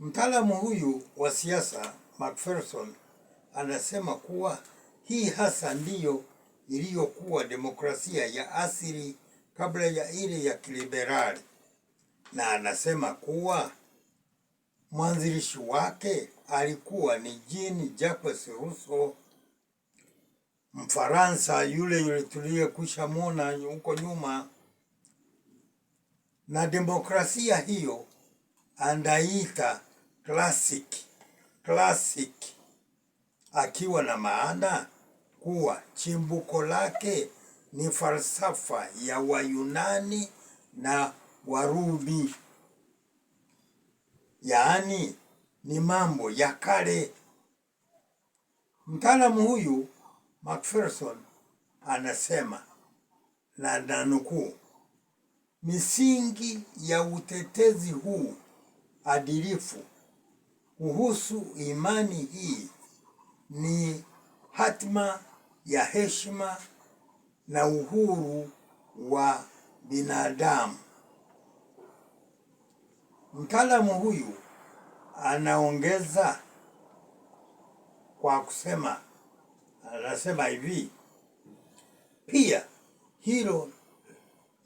Mtaalamu huyu wa siasa Macpherson anasema kuwa hii hasa ndiyo iliyokuwa demokrasia ya asili kabla ya ile ya kiliberali, na anasema kuwa mwanzilishi wake alikuwa ni Jean Jacques Rousseau, Mfaransa yule yule tuliyekwisha mwona huko nyuma, na demokrasia hiyo andaita classic classic, akiwa na maana kuwa chimbuko lake ni falsafa ya Wayunani na Warumi, yaani ni mambo ya kale. Mtaalamu huyu Macpherson anasema na nanukuu, misingi ya utetezi huu adilifu kuhusu imani hii ni hatima ya heshima na uhuru wa binadamu. Mtaalamu huyu anaongeza kwa kusema, anasema hivi pia hilo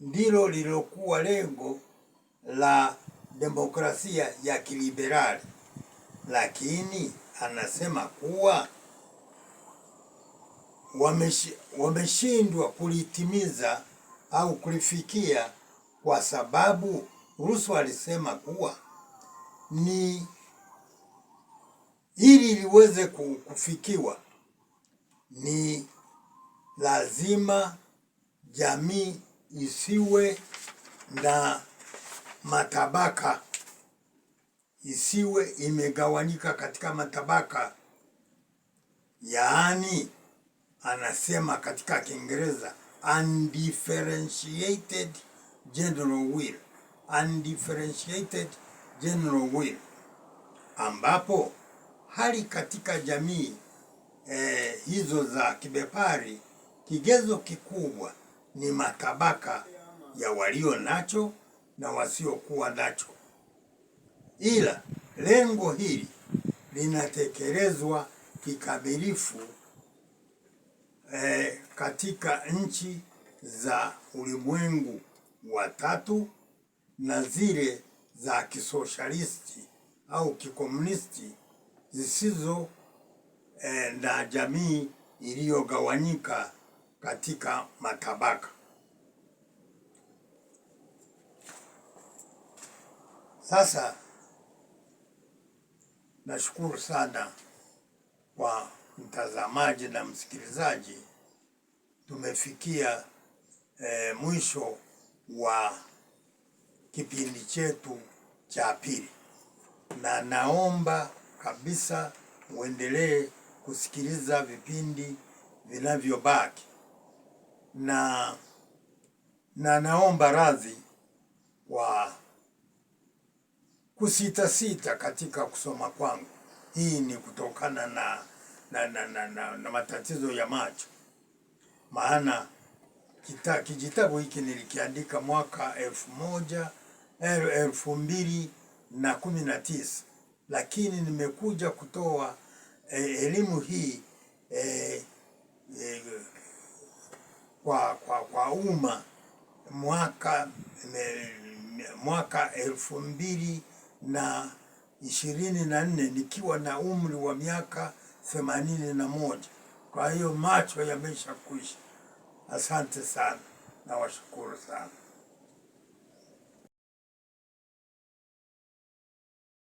ndilo lilokuwa lengo la demokrasia ya kiliberali lakini anasema kuwa wameshindwa kulitimiza au kulifikia kwa sababu rusu alisema kuwa ni ili liweze kufikiwa ni lazima jamii isiwe na matabaka isiwe imegawanyika katika matabaka, yaani anasema katika Kiingereza undifferentiated general will, undifferentiated general will, ambapo hali katika jamii eh, hizo za kibepari kigezo kikubwa ni matabaka ya walio nacho na wasiokuwa nacho ila lengo hili linatekelezwa kikamilifu eh, katika nchi za ulimwengu wa tatu na zile za kisoshalisti au kikomunisti zisizo eh, na jamii iliyogawanyika katika matabaka. Sasa Nashukuru sana kwa mtazamaji na msikilizaji, tumefikia e, mwisho wa kipindi chetu cha pili, na naomba kabisa muendelee kusikiliza vipindi vinavyobaki na na naomba radhi wa kusitasita katika kusoma kwangu. Hii ni kutokana na, na, na, na, na, na matatizo ya macho, maana kita, kijitabu hiki nilikiandika mwaka elfu moja elfu mbili na kumi na tisa lakini nimekuja kutoa eh, elimu hii eh, eh, kwa, kwa, kwa umma mwaka, mwaka elfu mbili na ishirini na nne nikiwa na umri wa miaka themanini na moja. Kwa hiyo macho yameshakwisha. Asante sana, nawashukuru sana.